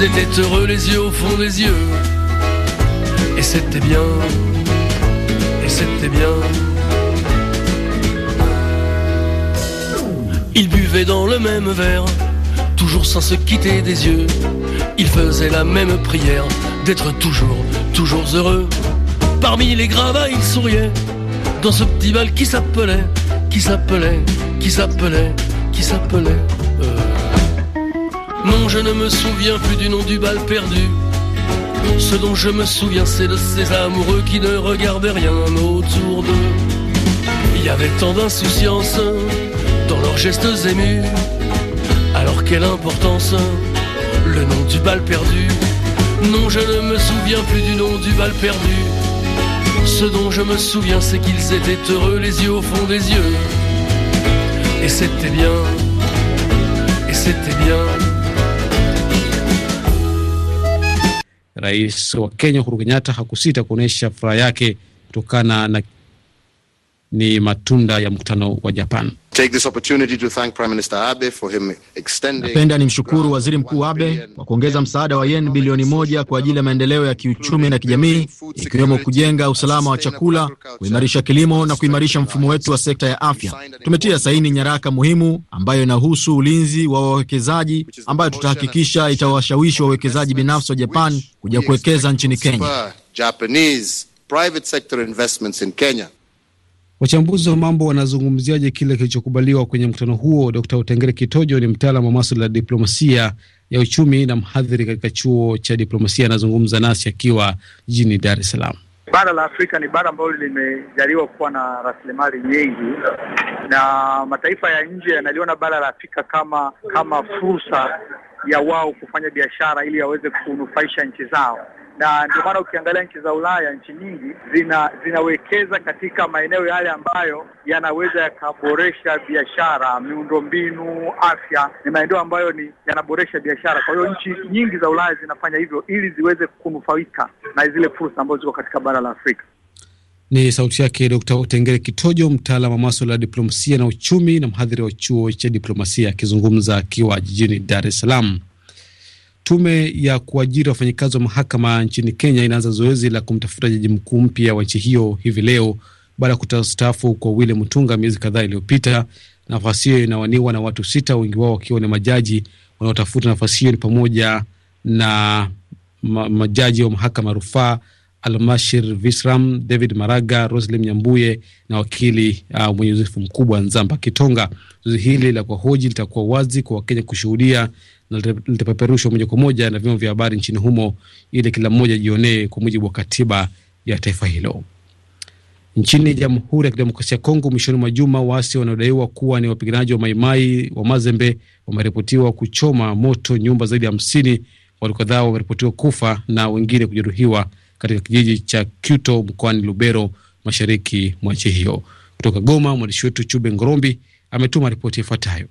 Ils étaient heureux, les yeux au fond des yeux. Et c'était bien, et c'était bien. Ils buvaient dans le même verre, toujours sans se quitter des yeux. Ils faisaient la même prière d'être toujours, toujours heureux. Parmi les gravats, ils souriaient dans ce petit bal qui s'appelait, qui s'appelait, qui s'appelait, qui s'appelait. Non, je ne me souviens plus du nom du bal perdu. Ce dont je me souviens, c'est de ces amoureux qui ne regardaient rien autour d'eux. Il y avait tant d'insouciance dans leurs gestes émus. Alors quelle importance, le nom du bal perdu. Non, je ne me souviens plus du nom du bal perdu. Ce dont je me souviens, c'est qu'ils étaient heureux, les yeux au fond des yeux. Et c'était bien, et c'était bien. Rais wa Kenya Uhuru Kenyatta hakusita kuonyesha furaha yake kutokana na ni matunda ya mkutano wa Japan. Napenda nimshukuru Waziri Mkuu Abe kwa kuongeza msaada wa yen bilioni moja kwa ajili ya maendeleo ya kiuchumi na kijamii, ikiwemo kujenga usalama wa chakula, kuimarisha kilimo na kuimarisha mfumo wetu wa sekta ya afya. Tumetia saini nyaraka muhimu ambayo inahusu ulinzi wa wawekezaji, ambayo tutahakikisha itawashawishi wawekezaji binafsi wa Japan kuja kuwekeza nchini Kenya. Wachambuzi wa mambo wanazungumziaje kile kilichokubaliwa kwenye mkutano huo? Dkt Utengere Kitojo ni mtaalam wa maswala ya diplomasia ya uchumi na mhadhiri katika chuo cha diplomasia, anazungumza nasi akiwa jijini Dar es Salaam. Bara la Afrika ni bara ambalo limejaliwa kuwa na rasilimali nyingi, na mataifa ya nje yanaliona bara la Afrika kama kama fursa ya wao kufanya biashara ili yaweze kunufaisha nchi zao na ndio maana ukiangalia nchi za Ulaya, nchi nyingi zina zinawekeza katika maeneo yale ambayo yanaweza yakaboresha biashara, miundombinu, afya. Ni maeneo ambayo ni yanaboresha biashara. Kwa hiyo nchi nyingi za Ulaya zinafanya hivyo ili ziweze kunufaika na zile fursa ambazo ziko katika bara la Afrika. Ni sauti yake Dr. Tengere Kitojo, mtaalamu wa maswala ya diplomasia na uchumi na mhadhiri wa chuo cha diplomasia, akizungumza akiwa jijini Dar es Salaam. Tume ya kuajiri wafanyikazi wa mahakama nchini Kenya inaanza zoezi la kumtafuta jaji mkuu mpya wa nchi hiyo hivi leo baada ya stafu kwa Wile Mutunga miezi kadhaa iliyopita. Nafasi hiyo inawaniwa na watu sita, wengi wao wakiwa ni majaji. Wanaotafuta nafasi hiyo ni pamoja na ma majaji wa mahakama rufaa Almashir Visram, David Maraga, Roslim Nyambuye na wakili uh, mwenye uzoefu mkubwa Nzamba Kitonga. Zoezi hili la kuwahoji litakuwa wazi kwa Wakenya kushuhudia na litapeperushwa moja kwa moja na vyombo vya habari nchini humo ili kila mmoja ajionee kwa mujibu wa katiba ya taifa hilo. Nchini Jamhuri ya Kidemokrasia ya Kongo, mwishoni mwa juma, waasi wanaodaiwa kuwa ni wapiganaji wa Maimai wa Mazembe wameripotiwa kuchoma moto nyumba zaidi ya hamsini. Watu kadhaa wameripotiwa kufa na wengine kujeruhiwa katika kijiji cha Kyuto mkoani Lubero, mashariki mwa nchi hiyo. Kutoka Goma, mwandishi wetu Chube Ngorombi ametuma ripoti ifuatayo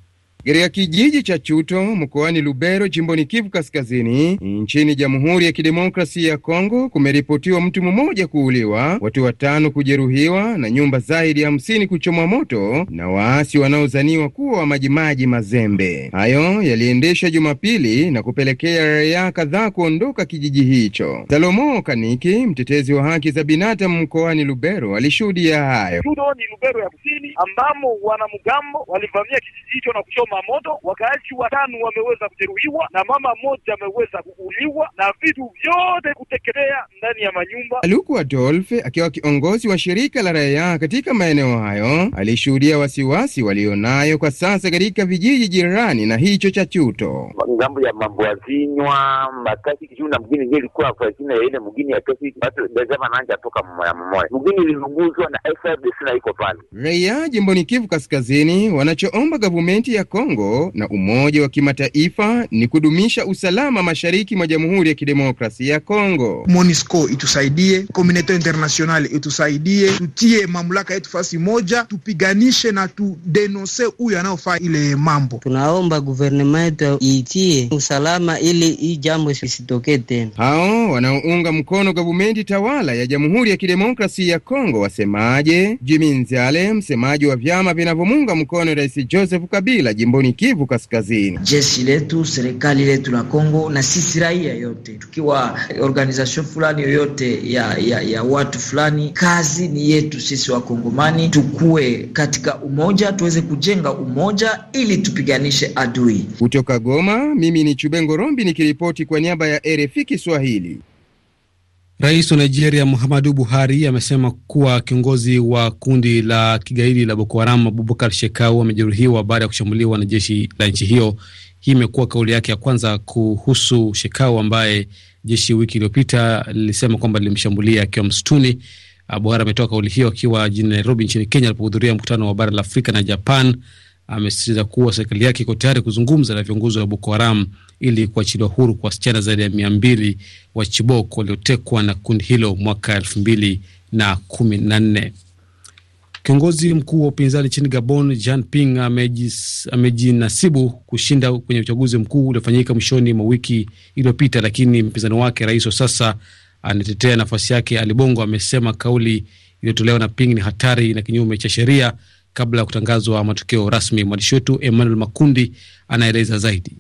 katika kijiji cha Chuto mkoani Lubero jimboni Kivu Kaskazini nchini Jamhuri ya Kidemokrasia ya Kongo kumeripotiwa mtu mmoja kuuliwa, watu watano kujeruhiwa na nyumba zaidi ya hamsini kuchomwa moto na waasi wanaozaniwa kuwa wa Majimaji Mazembe. Hayo yaliendesha Jumapili na kupelekea raia kadhaa kuondoka kijiji hicho. Salomo Kaniki, mtetezi wa haki za binadamu mkoani Lubero, alishuhudia hayo. Ni Lubero ya kusini ambamo wanamgambo walivamia kijiji hicho na kuchoma kuchoma moto, wakaaji watano wameweza kujeruhiwa na mama mmoja ameweza kuuliwa na vitu vyote kuteketea ndani ya manyumba. Luku Adolfe akiwa kiongozi wa shirika la raia katika maeneo hayo alishuhudia wasiwasi walionayo kwa sasa katika vijiji jirani na hicho cha Chuto. Ngambo ya mambo ya zinywa makasi juu na mgini nje ilikuwa kwa jina ya ile mgini ya kesi basi lazima nanja toka mmoja mmoja mgini ilunguzwa na FRDC na iko pale raia jimboni Kivu Kaskazini wanachoomba gavumenti ya Kongo Kongo na umoja wa kimataifa ni kudumisha usalama mashariki mwa Jamhuri ya Kidemokrasia ya Kongo. MONUSCO itusaidie, komuneto international itusaidie, tutie mamlaka yetu fasi moja, tupiganishe na tudenonse huyu anayofaa ile mambo. Tunaomba guvernema yetu iitie usalama ili hii jambo isitokee tena. Hao wanaounga mkono gavumenti tawala ya Jamhuri ya kidemokrasi ya Kongo wasemaje? Jiminzale, msemaji wa vyama vinavyomunga mkono Rais Joseph Kabila jimboni Kivu Kaskazini. Jeshi letu, serikali letu la Kongo na sisi raia yote, tukiwa organization fulani yoyote ya, ya, ya watu fulani, kazi ni yetu sisi Wakongomani, tukuwe katika umoja, tuweze kujenga umoja ili tupiganishe adui. Kutoka Goma, mimi ni Chubengo Rombi nikiripoti kwa niaba ya RFI Kiswahili. Rais wa Nigeria Muhammadu Buhari amesema kuwa kiongozi wa kundi la kigaidi la Boko Haram Abubakar Shekau amejeruhiwa baada ya kushambuliwa na jeshi la nchi hiyo. Hii imekuwa kauli yake ya kwanza kuhusu Shekau ambaye jeshi wiki iliyopita lilisema kwamba lilimshambulia akiwa msituni. Buhari ametoa kauli hiyo akiwa jijini Nairobi nchini Kenya alipohudhuria mkutano wa bara la Afrika na Japan amesisitiza kuwa serikali yake iko tayari kuzungumza na viongozi wa Boko Haram ili kuachiliwa huru kwa wasichana zaidi ya mia mbili wa Chibok waliotekwa na kundi hilo mwaka elfu mbili na kumi na nne. Kiongozi mkuu wa upinzani nchini Gabon, Jean Ping, amejinasibu kushinda kwenye uchaguzi mkuu uliofanyika mwishoni mwa wiki iliyopita, lakini mpinzani wake, rais wa sasa anatetea nafasi yake, Ali Bongo, amesema kauli iliyotolewa na Ping ni hatari na kinyume cha sheria kabla ya kutangazwa matokeo rasmi. Mwandishi wetu Emmanuel Makundi anaeleza zaidi.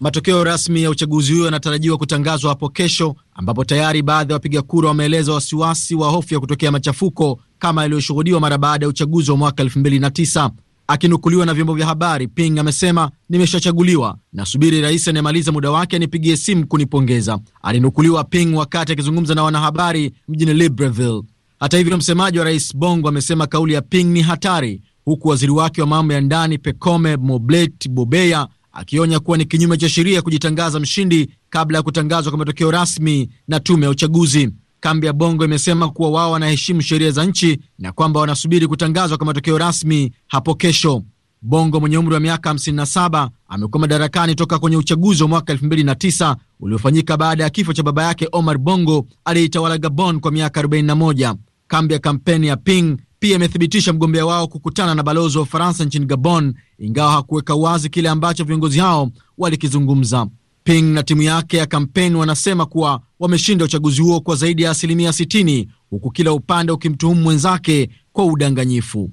Matokeo rasmi ya uchaguzi huyo yanatarajiwa kutangazwa hapo kesho, ambapo tayari baadhi ya wapiga kura wameeleza wasiwasi wa hofu ya kutokea machafuko kama yaliyoshuhudiwa mara baada ya uchaguzi wa mwaka 2009. Akinukuliwa na vyombo vya habari, Ping amesema nimeshachaguliwa, nasubiri rais anayemaliza muda wake anipigie simu kunipongeza. Alinukuliwa Ping wakati akizungumza na wanahabari mjini Libreville. Hata hivyo, msemaji wa rais Bongo amesema kauli ya Ping ni hatari huku waziri wake wa mambo ya ndani Pekome Moblet Bobeya akionya kuwa ni kinyume cha sheria kujitangaza mshindi kabla ya kutangazwa kwa matokeo rasmi na tume ya uchaguzi. Kambi ya Bongo imesema kuwa wao wanaheshimu sheria za nchi na kwamba wanasubiri kutangazwa kwa matokeo rasmi hapo kesho. Bongo mwenye umri wa miaka 57 amekuwa madarakani toka kwenye uchaguzi wa mwaka 2009 uliofanyika baada ya kifo cha baba yake Omar Bongo aliyeitawala Gabon kwa miaka 41. Kambi ya kampeni ya Ping pia imethibitisha mgombea wao kukutana na balozi wa Ufaransa nchini Gabon, ingawa hakuweka wazi kile ambacho viongozi hao walikizungumza. Ping na timu yake ya kampeni wanasema kuwa wameshinda uchaguzi huo kwa zaidi ya asilimia 60 huku kila upande ukimtuhumu mwenzake kwa udanganyifu.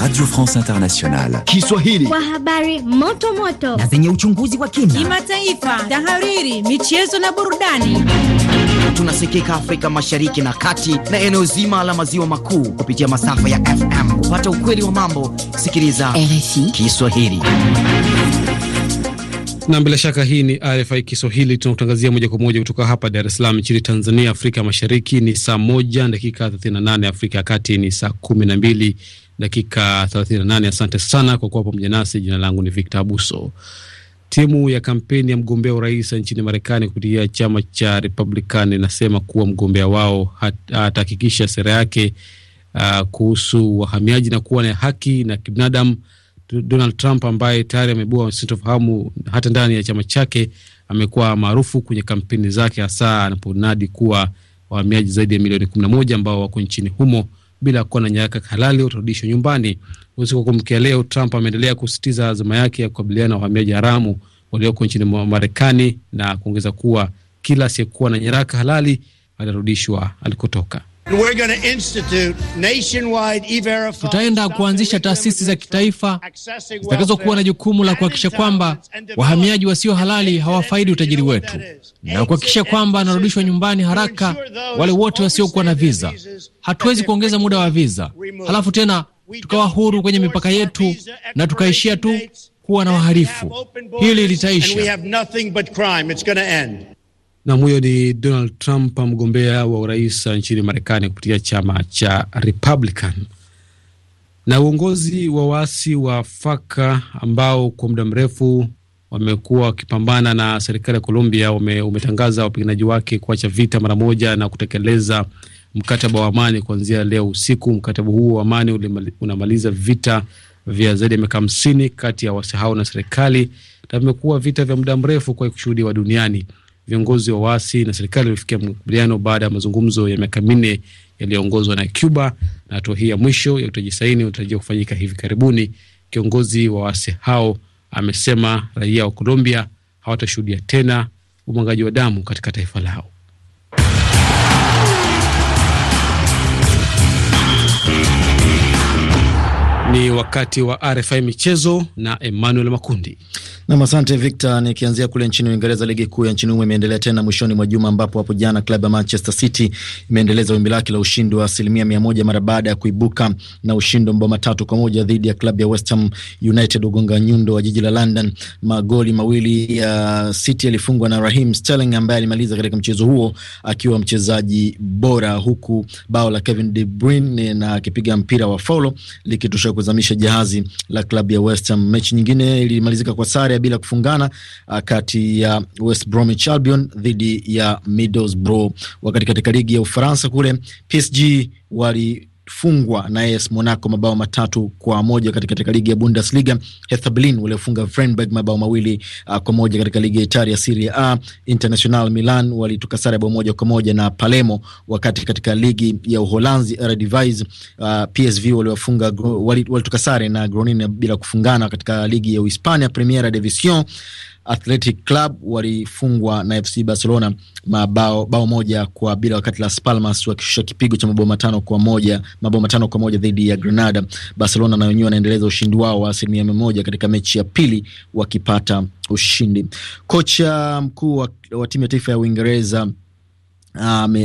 Radio France Internationale. Kiswahili. Kwa habari moto moto na zenye uchunguzi wa kina, kimataifa, tahariri, michezo na burudani. Tunasikika Afrika Mashariki na Kati na eneo zima la maziwa makuu kupitia masafa ya FM. Kupata ukweli wa mambo, sikiliza RFI Kiswahili. Na bila shaka hii ni RFI Kiswahili, tunakutangazia moja kwa moja kutoka hapa Dar es Salaam nchini Tanzania. Afrika Mashariki ni saa moja dakika 38, Afrika ya Kati ni saa 12 dakika 38. Asante sana kwa kuwa pamoja nasi. Jina langu ni Victor Abuso. Timu ya kampeni ya mgombea urais nchini Marekani kupitia chama cha Republican inasema kuwa mgombea wao atahakikisha sera yake uh, kuhusu wahamiaji na kuwa na haki na kibinadamu. Donald Trump ambaye tayari ameibua sintofahamu hata ndani ya chama chake, amekuwa maarufu kwenye kampeni zake, hasa anaponadi kuwa wahamiaji zaidi ya milioni 11 ambao wako nchini humo bila kuwa na nyaraka halali utarudishwa nyumbani. Usiku wa kumkia leo, Trump ameendelea kusisitiza azma yake ya kukabiliana na wahamiaji haramu walioko nchini Marekani na kuongeza kuwa kila asiyekuwa na nyaraka halali atarudishwa alikotoka. Tutaenda kuanzisha taasisi za kitaifa zitakazokuwa na jukumu la kuhakikisha kwamba wahamiaji wasio halali hawafaidi utajiri wetu na kuhakikisha kwamba wanarudishwa nyumbani haraka wale wote wasiokuwa na viza. Hatuwezi kuongeza muda wa viza halafu tena tukawa huru kwenye mipaka yetu na tukaishia tu kuwa na wahalifu. Hili litaisha. Nam, huyo ni Donald Trump, mgombea wa urais nchini Marekani kupitia chama cha Republican. Na uongozi wa waasi wa Faka ambao kwa muda mrefu wamekuwa wakipambana na serikali ya Colombia wame, umetangaza wapiganaji wake kuacha vita mara moja na kutekeleza mkataba wa amani kuanzia leo usiku. Mkataba huo wa amani unamaliza vita vya zaidi ya miaka hamsini kati ya waasi hao na serikali na vimekuwa vita vya muda mrefu kwa kushuhudiwa duniani viongozi wa waasi na serikali wamefikia makubaliano baada ya mazungumzo ya miaka minne yaliyoongozwa na Cuba, na hatua hii ya mwisho ya utaji saini unatarajiwa kufanyika hivi karibuni. Kiongozi wa waasi hao amesema raia wa Colombia hawatashuhudia tena umwagaji wa damu katika taifa lao. Ni wakati wa RFI michezo na Emmanuel Makundi. Nam, asante Victor. Nikianzia kule nchini Uingereza, ligi kuu ya nchini humo imeendelea tena mwishoni mwa juma, ambapo hapo jana klabu ya Manchester City imeendeleza wimbi lake la ushindi wa asilimia mia moja mara baada ya kuibuka na ushindi wa mabao matatu kwa moja dhidi ya klabu ya West Ham United ugonga nyundo wa jiji la London. Magoli mawili ya uh, City yalifungwa na Raheem Sterling ambaye alimaliza katika mchezo huo akiwa mchezaji bora, huku bao la Kevin De Bruyne na akipiga mpira wa faulo likitosha kuzamisha jahazi la klabu ya West Ham. Mechi nyingine ilimalizika kwa sare bila kufungana uh, kati ya West Bromwich Albion dhidi ya Middlesbrough. Wakati katika ligi ya Ufaransa kule PSG wali fungwa na AS Monaco mabao matatu kwa moja katika, katika ligi ya Bundesliga. Hertha Berlin waliofunga Freiburg mabao mawili uh, kwa moja katika ligi ya Italia Serie A. International Milan walitoka sare bao moja kwa moja na Palermo, wakati katika ligi ya Uholanzi Eredivisie uh, PSV waliofunga walitoka sare na Groningen bila kufungana katika ligi ya Uhispania Primera Division Athletic Club walifungwa na FC Barcelona mabao bao moja kwa bila, wakati Las Palmas wakishusha kipigo cha mabao matano kwa moja mabao matano kwa moja dhidi ya Granada. Barcelona na wenyewe wanaendeleza ushindi wao wa asilimia mia moja katika mechi ya pili wakipata ushindi. Kocha mkuu wa, wa timu ya taifa ya Uingereza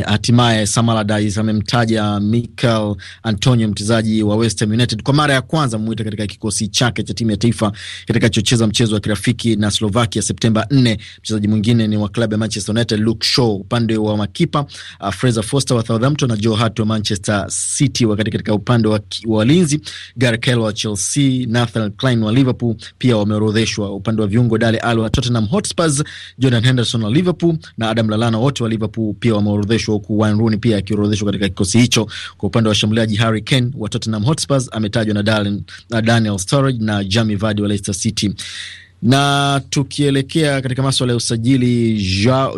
hatimaye um, Sam Allardyce amemtaja Mikel Antonio, mchezaji wa West Ham United, kwa mara ya kwanza mwita katika kikosi chake cha timu ya taifa kitakachocheza mchezo wa kirafiki na Slovakia Septemba 4. Mchezaji mwingine ni wa klabu ya Manchester United, Luke Shaw upande wa makipa, uh, Fraser Foster wa Southampton na Joe Hart wa Manchester City, wakati katika upande wa walinzi Gareth Bale wa Chelsea, Nathan Clyne wa Liverpool pia wameorodheshwa. Upande wa viungo Dele Alli wa Tottenham Hotspur, Jordan Henderson wa Liverpool na Adam Lallana wote wa Liverpool pia wameorodheshwa, huku Wayne Rooney pia akiorodheshwa katika kikosi hicho. Kwa upande wa washambuliaji, Harry Kane wa Tottenham Hotspurs ametajwa na na Daniel Sturridge na Jamie Vardy wa Leicester City na tukielekea katika maswala ya usajili,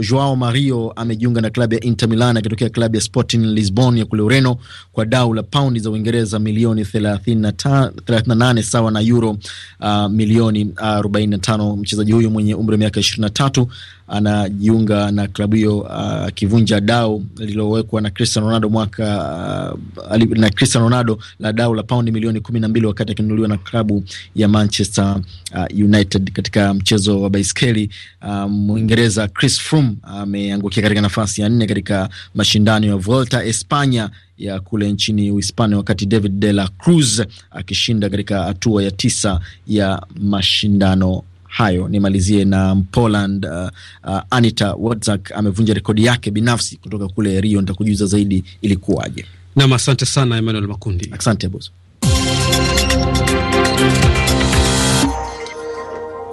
Joao Mario amejiunga na klabu ya Inter Milan akitokea klabu ya Sporting Lisbon ya kule Ureno kwa dau la paundi za Uingereza milioni 38 sawa na euro uh, milioni 45. Uh, mchezaji huyu mwenye umri wa miaka 23 anajiunga na klabu hiyo uh, akivunja uh, dau lililowekwa na Cristiano Ronaldo mwaka uh, na Cristiano Ronaldo la dau la paundi milioni kumi na mbili wakati akinunuliwa na klabu ya Manchester uh, United katika mchezo wa baiskeli. Um, Mwingereza um, Chris Froome ameangukia uh, katika nafasi ya nne katika mashindano ya Volta Espanya ya kule nchini Uhispania, wakati David de la Cruz akishinda katika hatua ya tisa ya mashindano hayo nimalizie na Poland. Uh, uh, Anita wozak amevunja rekodi yake binafsi kutoka kule Rio. Nitakujuza zaidi ilikuwaje. Nam, asante sana Emmanuel Makundi. Asante boss.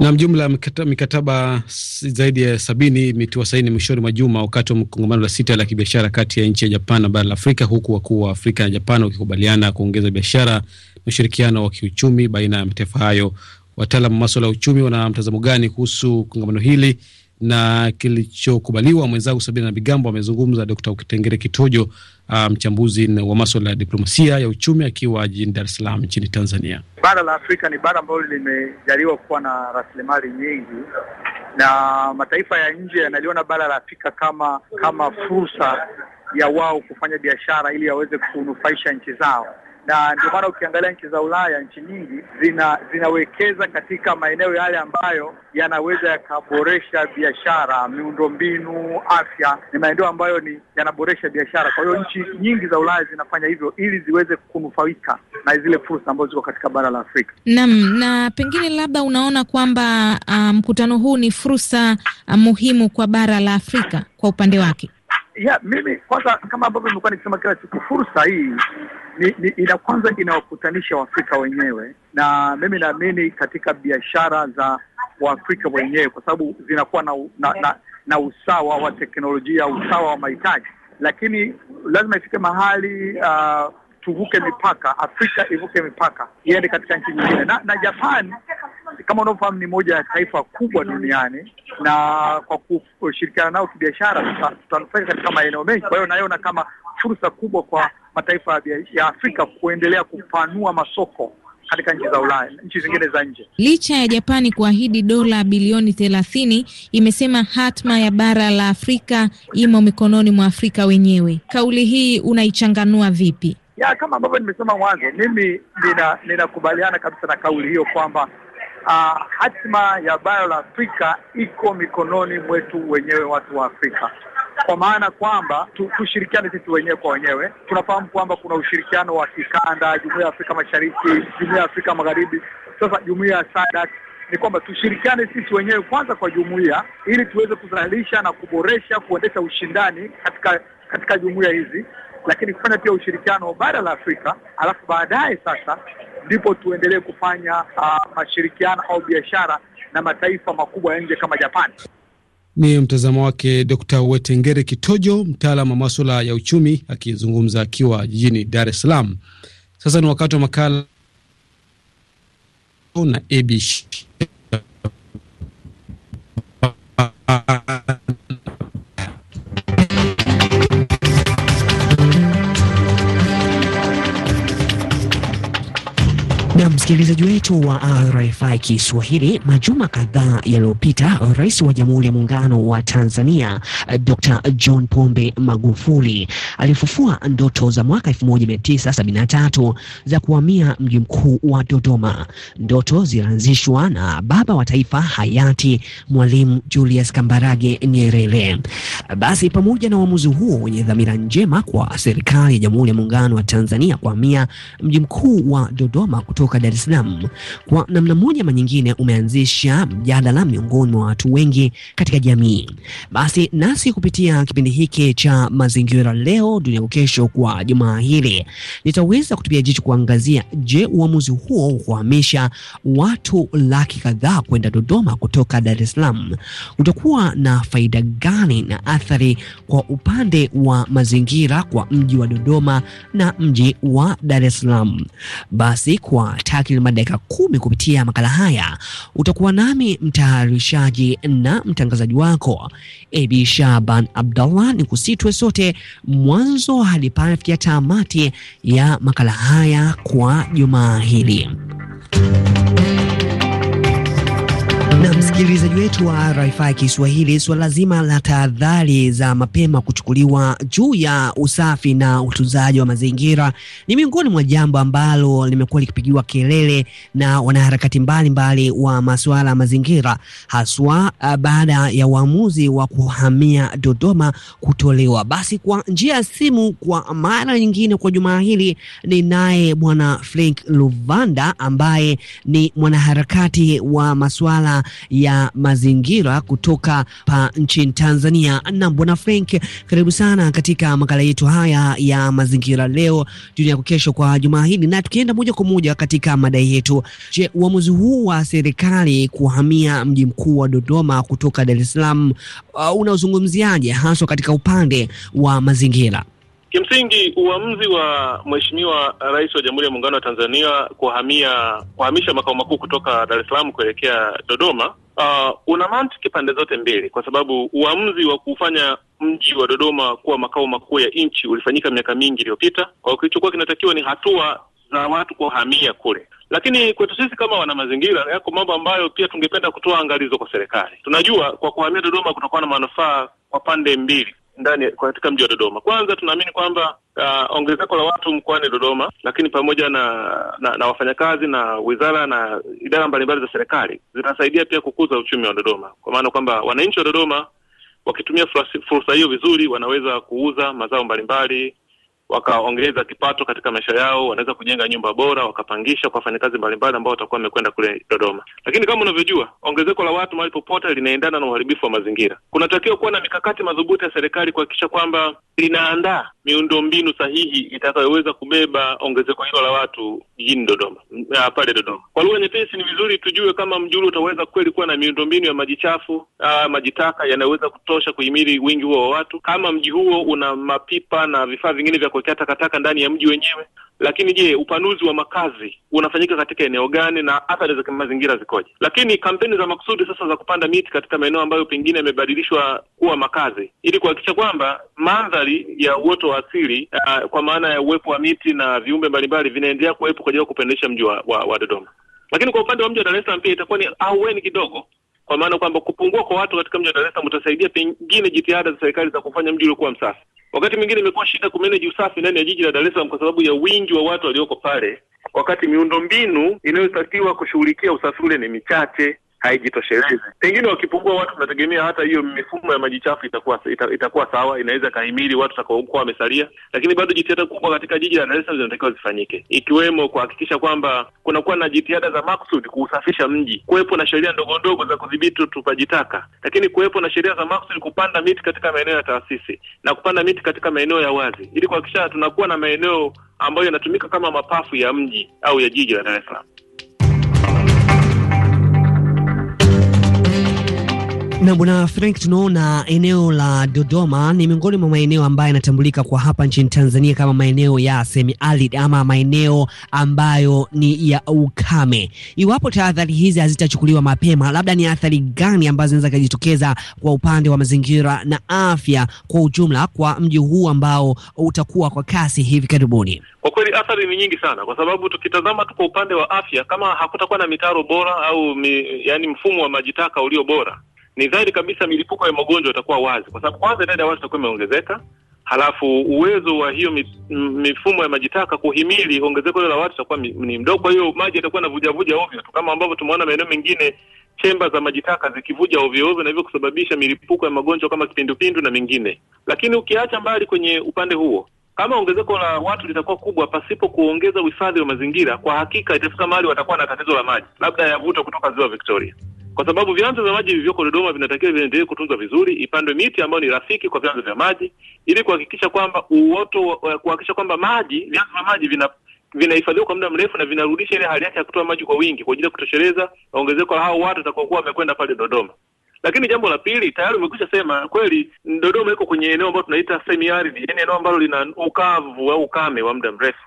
Na jumla ya mikataba zaidi ya sabini imetiwa saini mwishoni mwa juma wakati wa kongamano la sita la kibiashara kati ya nchi ya Japan na bara la Afrika, huku wakuu wa Afrika na Japan wakikubaliana kuongeza biashara na ushirikiano wa kiuchumi baina ya mataifa hayo. Wataalam wa maswala ya uchumi wana mtazamo gani kuhusu kongamano hili na kilichokubaliwa? Mwenzangu Sabina na Bigambo amezungumza Dr. Kitengere Kitojo, ah, mchambuzi um, wa maswala ya diplomasia ya uchumi akiwa jijini Dar es Salaam nchini Tanzania. Bara la Afrika ni bara ambalo limejaliwa kuwa na rasilimali nyingi na mataifa ya nje yanaliona bara la Afrika kama kama fursa ya wao kufanya biashara ili yaweze kunufaisha nchi zao na ndio maana ukiangalia nchi za Ulaya, nchi nyingi zina zinawekeza katika maeneo yale ambayo yanaweza yakaboresha biashara, miundombinu, afya. Ni maeneo ambayo ni yanaboresha biashara. Kwa hiyo nchi nyingi za Ulaya zinafanya hivyo ili ziweze kunufaika na zile fursa ambazo ziko katika bara la Afrika. Naam, na pengine labda unaona kwamba ah, mkutano um, huu ni fursa um, muhimu kwa bara la Afrika kwa upande wake. Yeah, mimi kwanza, kama ambavyo nimekuwa nikisema kila siku, fursa hii ni, ni, ina kwanza inawakutanisha Waafrika wenyewe, na mimi naamini katika biashara za Waafrika wenyewe kwa sababu zinakuwa na, na, na, na usawa wa teknolojia, usawa wa mahitaji, lakini lazima ifike mahali uh, tuvuke mipaka, Afrika ivuke mipaka iende katika nchi nyingine, na, na Japan kama unavyofahamu ni moja ya taifa kubwa duniani, na kwa kushirikiana nao kibiashara tutanufaika katika maeneo mengi. Kwa hiyo naiona kama fursa kubwa kwa mataifa ya Afrika kuendelea kupanua masoko katika nchi za Ulaya, nchi zingine za nje. Licha ya Japani kuahidi dola bilioni thelathini, imesema hatma ya bara la Afrika imo mikononi mwa Afrika wenyewe. Kauli hii unaichanganua vipi? Ya, kama ambavyo nimesema mwanzo, mimi nina, ninakubaliana kabisa na kauli hiyo kwamba uh, hatma ya bara la Afrika iko mikononi mwetu wenyewe watu wa Afrika kwa maana kwamba tushirikiane sisi wenyewe kwa wenyewe. Tunafahamu kwamba kuna ushirikiano wa kikanda, jumuiya ya Afrika Mashariki, jumuiya ya Afrika Magharibi, sasa jumuiya ya SADC ni kwamba tushirikiane sisi wenyewe kwanza kwa jumuiya, ili tuweze kuzalisha na kuboresha, kuendesha ushindani katika katika jumuiya hizi, lakini kufanya pia ushirikiano bara la Afrika, alafu baadaye sasa ndipo tuendelee kufanya uh, mashirikiano au biashara na mataifa makubwa ya nje kama Japani. Ni mtazamo wake Dr Wetengere Kitojo, mtaalam wa maswala ya uchumi akizungumza akiwa jijini Dar es Salaam. Sasa ni wakati wa makala na Ebish Na msikilizaji wetu wa RFI Kiswahili, majuma kadhaa yaliyopita, Rais wa Jamhuri ya Muungano wa Tanzania eh, Dr. John Pombe Magufuli alifufua ndoto za mwaka 1973 za kuhamia mji mkuu wa Dodoma. Ndoto zilianzishwa na baba wa taifa hayati Mwalimu Julius Kambarage Nyerere. Basi pamoja na uamuzi huo wenye dhamira njema kwa serikali ya Jamhuri ya Muungano wa Tanzania kuhamia mji mkuu wa Dodoma kutoka kutoka Dar es Salaam, kwa namna moja ama nyingine umeanzisha mjadala miongoni mwa watu wengi katika jamii. Basi nasi kupitia kipindi hiki cha Mazingira Leo Dunia Kesho kwa jumaa hili nitaweza kutupia jicho kuangazia, je, uamuzi huo kuhamisha watu laki kadhaa kwenda Dodoma kutoka Dar es Salaam utakuwa na faida gani na athari kwa upande wa mazingira kwa mji wa Dodoma na mji wa Dar es Salaam? Basi kwa takriban dakika kumi kupitia makala haya. Utakuwa nami mtayarishaji na mtangazaji wako abi Shaban Abdallah, ni kusitwe sote mwanzo hadi pale fikia tamati ya makala haya kwa jumaa hili. Msikilizaji wetu wa RFI Kiswahili, suala zima la tahadhari za mapema kuchukuliwa juu ya usafi na utunzaji wa mazingira ni miongoni mwa jambo ambalo limekuwa likipigiwa kelele na wanaharakati mbalimbali mbali wa masuala ya mazingira, haswa eh, baada ya uamuzi wa kuhamia Dodoma kutolewa. Basi kwa njia ya simu kwa mara nyingine kwa jumaa hili ni naye bwana Frank Luvanda ambaye ni mwanaharakati wa masuala ya ya mazingira kutoka pa nchini Tanzania. Na bwana Frank, karibu sana katika makala yetu haya ya mazingira leo dunia ya kesho kwa jumaa hili, na tukienda moja kwa moja katika madai yetu. Je, uamuzi huu wa serikali kuhamia mji mkuu wa Dodoma kutoka Dar es Salaam uh, unaozungumziaje haswa katika upande wa mazingira? Kimsingi uamuzi wa Mheshimiwa Rais wa Jamhuri ya Muungano wa Tanzania kuhamia kuhamisha makao makuu kutoka Dar es Salaam kuelekea Dodoma uh, una mantiki pande zote mbili, kwa sababu uamuzi wa kufanya mji wa Dodoma kuwa makao makuu ya nchi ulifanyika miaka mingi iliyopita. Kwa hiyo kilichokuwa kinatakiwa ni hatua za watu kuhamia kule. Lakini kwetu sisi kama wana mazingira, yako mambo ambayo pia tungependa kutoa angalizo kwa serikali. Tunajua kwa kuhamia Dodoma kutakuwa na manufaa kwa pande mbili ndani katika mji wa Dodoma. Kwanza tunaamini kwamba uh, ongezeko la watu mkoani Dodoma, lakini pamoja na na, na wafanyakazi na wizara na idara mbalimbali za serikali zitasaidia pia kukuza uchumi wa Dodoma, kwa maana kwamba wananchi wa Dodoma wakitumia fursa hiyo vizuri, wanaweza kuuza mazao mbalimbali wakaongeza kipato katika maisha yao, wanaweza kujenga nyumba bora, wakapangisha kwa wafanyakazi mbalimbali ambao watakuwa wamekwenda kule Dodoma. Lakini kama unavyojua, ongezeko la watu mahali popote linaendana na uharibifu wa mazingira. Kunatakiwa kuwa na mikakati madhubuti ya serikali kuhakikisha kwamba linaandaa miundombinu sahihi itakayoweza kubeba ongezeko hilo la watu jijini Dodoma, pale Dodoma. Kwa lugha nyepesi, ni vizuri tujue kama Mjulu utaweza kweli kuwa na miundombinu ya maji chafu, maji taka yanayoweza kutosha kuhimili wingi huo wa watu, kama mji huo una mapipa na vifaa vingine vya kuwekea takataka ndani ya mji wenyewe. Lakini je, upanuzi wa makazi unafanyika katika eneo gani na athari za kimazingira zikoje? Lakini kampeni za makusudi sasa za kupanda miti katika maeneo ambayo pengine yamebadilishwa kuwa makazi, ili kuhakikisha kwamba mandhari ya uoto wa asili uh, kwa maana ya uwepo wa miti na viumbe mbalimbali vinaendelea kuwepo kwa ajili ya kupendelesha mji wa, wa, wa Dodoma. Lakini kwa upande wa mji wa Dar es Salaam pia itakuwa ni ahueni kidogo, kwa maana kwamba kupungua kwa watu katika mji wa Dar es Salaam utasaidia pengine jitihada za serikali za kufanya mji uliokuwa msafi. Wakati mwingine imekuwa shida kumeneji usafi ndani ya jiji la Dar es Salaam kwa sababu ya wingi wa watu walioko pale, wakati miundombinu inayotakiwa kushughulikia usafi ule ni michache haijitoshelezi. Pengine wakipungua watu, tunategemea hata hiyo mifumo ya maji chafu itakuwa ita, itakuwa sawa, inaweza kahimili watu watakaokuwa wamesalia, lakini bado jitihada kubwa katika jiji la Dar es Salaam zinatakiwa zifanyike, ikiwemo kuhakikisha kwamba kunakuwa na jitihada za makusudi kuusafisha mji, kuwepo na sheria ndogo ndogo za kudhibiti utupaji taka, lakini kuwepo na sheria za makusudi kupanda miti katika maeneo ya taasisi na kupanda miti katika maeneo ya wazi, ili kuhakikisha tunakuwa na maeneo ambayo yanatumika kama mapafu ya mji au ya jiji la Dar es Salaam. Na bwana Frank, tunaona eneo la Dodoma ni miongoni mwa maeneo ambayo yanatambulika kwa hapa nchini Tanzania kama maeneo ya semi-arid ama maeneo ambayo ni ya ukame. Iwapo tahadhari hizi hazitachukuliwa mapema, labda ni athari gani ambazo zinaweza kujitokeza kwa upande wa mazingira na afya kwa ujumla kwa mji huu ambao utakuwa kwa kasi hivi karibuni? Kwa kweli athari ni nyingi sana, kwa sababu tukitazama tu kwa upande wa afya, kama hakutakuwa na mitaro bora au mi, yani mfumo wa maji taka ulio bora ni dhahiri kabisa milipuko ya magonjwa itakuwa wazi, kwa sababu kwanza idadi ya watu itakuwa imeongezeka, halafu uwezo wa hiyo mifumo ya majitaka kuhimili ongezeko hilo la watu itakuwa ni mdogo. Kwa hiyo maji yatakuwa na vujavuja ovyo tu, kama ambavyo tumeona maeneo mengine chemba za majitaka zikivuja ovyo ovyo, na hivyo kusababisha milipuko ya magonjwa kama kipindupindu na mengine. Lakini ukiacha mbali kwenye upande huo, kama ongezeko la watu litakuwa kubwa pasipo kuongeza uhifadhi wa mazingira, kwa hakika itafika mahali watakuwa na tatizo la maji, labda yavuta kutoka ziwa Victoria kwa sababu vyanzo vya maji vilivyoko Dodoma vinatakiwa viendelee kutunzwa vizuri, ipandwe miti ambayo ni rafiki kwa vyanzo vya maji ili kuhakikisha kwamba uoto, kuhakikisha kwamba maji, vyanzo vya maji vina vinahifadhiwa kwa muda mrefu na vinarudisha ile hali yake ya kutoa maji kwa wingi kwa ajili ya kutosheleza ongezeko la hao watu watakaokuwa wamekwenda pale Dodoma. Lakini jambo la pili, tayari umekwisha sema kweli, Dodoma iko kwenye eneo ambalo tunaita semi-arid, yani eneo ambalo lina ukavu au ukame wa muda mrefu.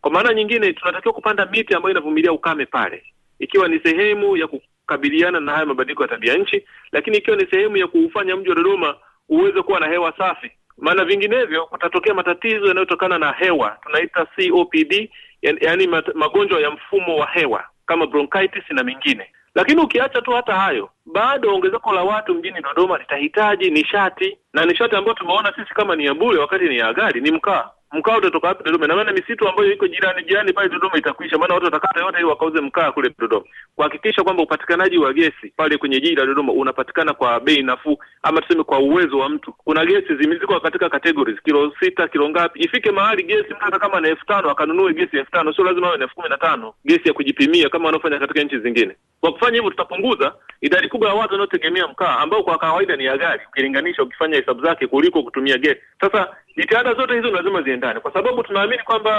Kwa maana nyingine, tunatakiwa kupanda miti ambayo inavumilia ukame pale, ikiwa ni sehemu ya kukabiliana na haya mabadiliko ya tabia nchi, lakini ikiwa ni sehemu ya kuufanya mji wa Dodoma uweze kuwa na hewa safi, maana vinginevyo kutatokea matatizo yanayotokana na hewa, tunaita COPD, yaani magonjwa ya mfumo wa hewa kama bronchitis na mengine. Lakini ukiacha tu hata hayo, bado ongezeko la watu mjini Dodoma litahitaji nishati, na nishati ambayo tumeona sisi kama ni ya bure, wakati ni ya gari, ni mkaa mkaa utatoka wapi Dodoma? Maana misitu ambayo iko jirani jirani pale Dodoma itakwisha, maana watu watakata yote ili wakauze mkaa kule Dodoma, kuhakikisha kwamba upatikanaji wa gesi pale kwenye jiji la Dodoma unapatikana kwa bei nafuu, ama tuseme kwa uwezo wa mtu. Kuna gesi zimeziko katika categories, kilo sita, kilo ngapi, ifike mahali gesi mtu hata kama na elfu tano akanunue gesi elfu tano sio lazima awe na elfu kumi na tano gesi ya kujipimia kama wanaofanya katika nchi zingine. Kwa kufanya hivyo, tutapunguza idadi kubwa ya watu wanaotegemea mkaa ambao kwa kawaida ni ya gari ukilinganisha, ukifanya hesabu zake kuliko kutumia gesi. Sasa jitihada zote hizo lazima ziendane, kwa sababu tunaamini kwamba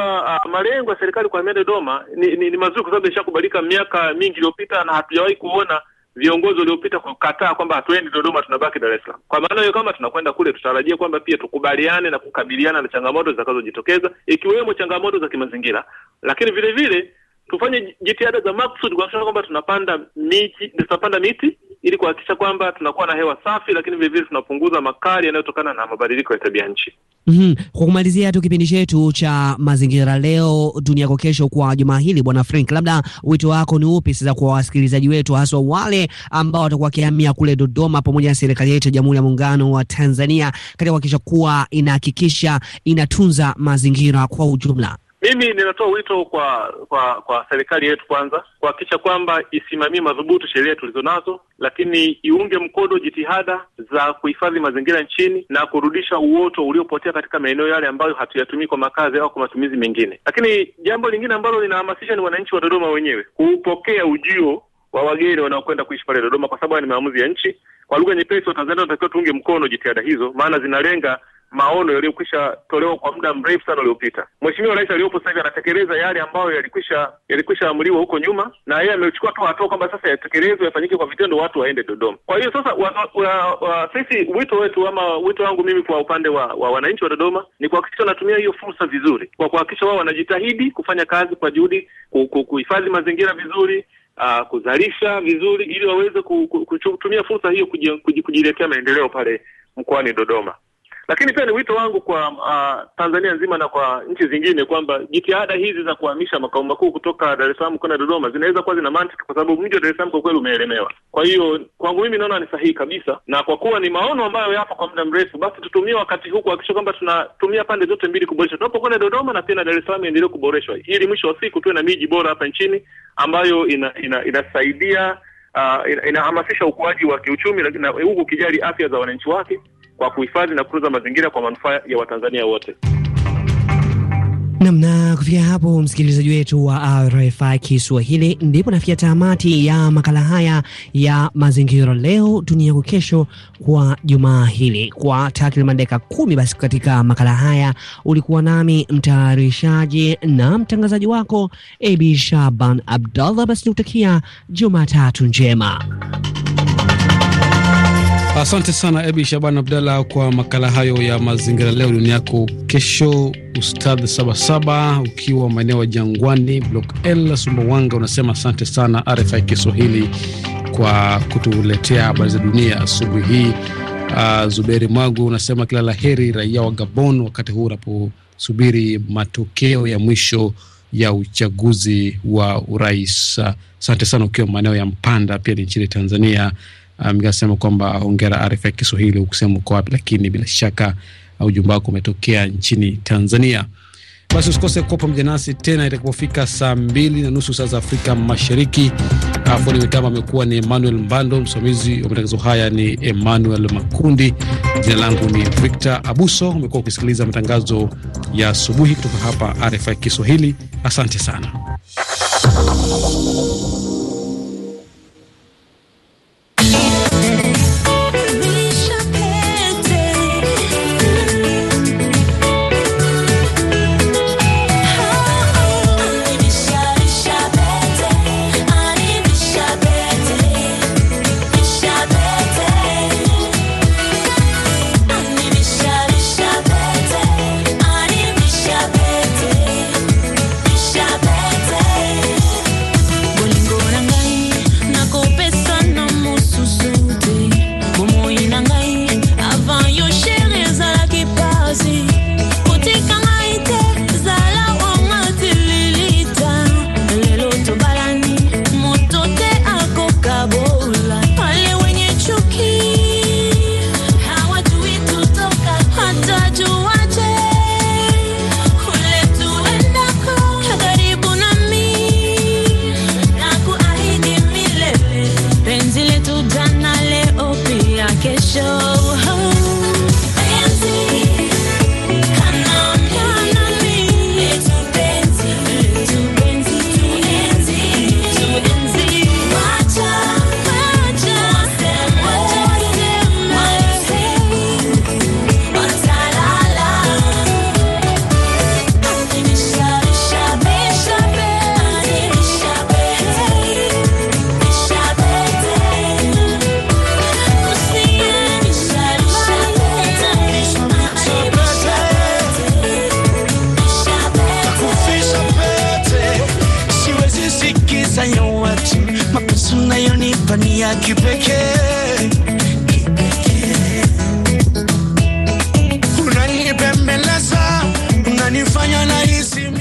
uh, malengo ya serikali kuhamia Dodoma ni, ni, ni mazuri, kwa sababu ishakubalika miaka mingi iliyopita na hatujawahi kuona viongozi waliopita kukataa kwamba hatuendi Dodoma, tunabaki Dar es Salaam. Kwa maana hiyo, kama tunakwenda kule, tutarajia kwamba pia tukubaliane na kukabiliana na changamoto zitakazojitokeza ikiwemo changamoto za kimazingira, lakini vile vile tufanye jitihada za makusudi kuhakikisha kwamba tunapanda miti tunapanda miti ili kuhakikisha kwamba tunakuwa na hewa safi, lakini vile vile tunapunguza makali yanayotokana na mabadiliko ya tabia nchi. Mm -hmm. Kwa kumalizia tu kipindi chetu cha mazingira leo dunia yako kesho kwa juma hili, Bwana Frank, labda wito wako ni upi sasa kwa wasikilizaji wetu, haswa wale ambao watakuwa wakihamia kule Dodoma pamoja na serikali yetu ya Jamhuri ya Muungano wa Tanzania katika kuhakikisha kuwa inahakikisha inatunza mazingira kwa ujumla? Mimi ninatoa wito kwa kwa kwa serikali yetu kwanza kuhakikisha kwamba isimamie madhubuti sheria tulizonazo, lakini iunge mkono jitihada za kuhifadhi mazingira nchini na kurudisha uoto uliopotea katika maeneo yale ambayo hatuyatumii kwa makazi au kwa matumizi mengine. Lakini jambo lingine ambalo linahamasisha ni wananchi wa Dodoma wenyewe kuupokea ujio wa wageni wanaokwenda kuishi pale Dodoma, kwa sababu ni maamuzi ya nchi. Kwa lugha nyepesi, Watanzania tunatakiwa tuunge mkono jitihada hizo, maana zinalenga maono yaliyokwisha tolewa kwa muda mrefu sana uliopita. Mheshimiwa Rais aliyopo sasa hivi anatekeleza yale ambayo yalikwisha yalikwisha amriwa huko nyuma, na yeye amechukua tu hatua kwamba sasa yatekelezwe, yafanyike kwa vitendo, watu waende Dodoma. Kwa hiyo sasa wa, wa, wa, sisi wito wetu ama wito wangu mimi kwa upande wa, wa wananchi wa Dodoma ni kuhakikisha wanatumia hiyo fursa vizuri, kwa kuhakikisha wao wanajitahidi kufanya kazi kwa juhudi, kuhifadhi mazingira vizuri Uh, kuzalisha vizuri ili waweze kutumia fursa hiyo kujiletea maendeleo pale mkoani Dodoma. Lakini pia ni wito wangu kwa uh, Tanzania nzima na kwa nchi zingine kwamba jitihada hizi za kuhamisha makao makuu kutoka Dar es Salaam kwenda Dodoma zinaweza kuwa zina mantiki, kwa sababu mji wa Dar es Salaam kwa kweli umeelemewa. Kwa hiyo kwangu mimi naona ni sahihi kabisa, na kwa kuwa ni maono ambayo yapo kwa muda mrefu, basi tutumie wakati huu kuhakikisha kwamba tunatumia pande zote mbili kuboresha tunapokwenda Dodoma, na pia na Dar es Salaam iendelee kuboreshwa, ili mwisho wa siku tuwe na miji bora hapa nchini ambayo ina, ina, inasaidia uh, inahamasisha ukuaji wa kiuchumi, huku kijali afya za wananchi wake kwa kuhifadhi na kutunza mazingira kwa manufaa ya Watanzania wote. Namna kufikia hapo, msikilizaji wetu wa RFI Kiswahili, ndipo nafikia tamati ya makala haya ya mazingira leo dunia yako kesho kwa jumaa hili, kwa takriban dakika kumi. Basi katika makala haya ulikuwa nami mtayarishaji na mtangazaji wako Abi Shaban Abdallah. Basi nikutakia Jumatatu njema. Asante sana Ebi Shaban Abdallah kwa makala hayo ya mazingira leo dunia yako kesho. Ustadh Sabasaba ukiwa maeneo ya Jangwani, Blok L, Sumbawanga, unasema asante sana RFI Kiswahili kwa kutuletea habari za dunia asubuhi hii. Uh, Zuberi Magu unasema kila la heri raia wa Gabon wakati huu unaposubiri matokeo ya mwisho ya uchaguzi wa urais. Ah, asante sana ukiwa maeneo ya Mpanda pia ni nchini Tanzania. Nikasema kwamba hongera RFI Kiswahili, ukusema uko wapi, lakini bila shaka uh, ujumbe wako umetokea nchini Tanzania. Basi usikose kuwa pamoja nasi tena itakapofika saa mbili na nusu saa za Afrika Mashariki. ni mitambo amekuwa ni Emmanuel Mbando, msimamizi wa matangazo haya ni Emmanuel Makundi, jina langu ni Victor Abuso. Umekuwa ukisikiliza matangazo ya asubuhi kutoka hapa RFI Kiswahili. Asante sana.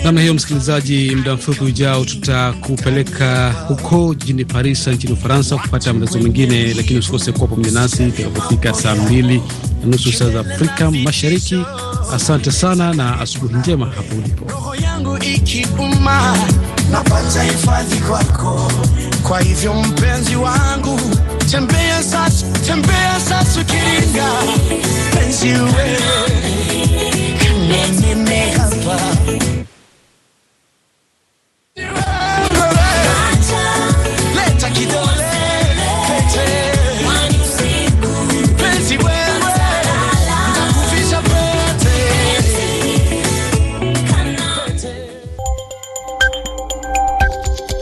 namna hiyo, msikilizaji, muda mfupi ujao tutakupeleka huko jijini Paris nchini Ufaransa kupata mlezo mwingine, lakini usikose kuwa pamoja nasi itakapofika saa mbili na nusu saa za Afrika Mashariki. Asante sana na asubuhi njema hapo ulipo. napata hifadhi kwako, kwa hivyo mpenzi wangu tembea saç, tembea saç ukiringa pensiwe kanani me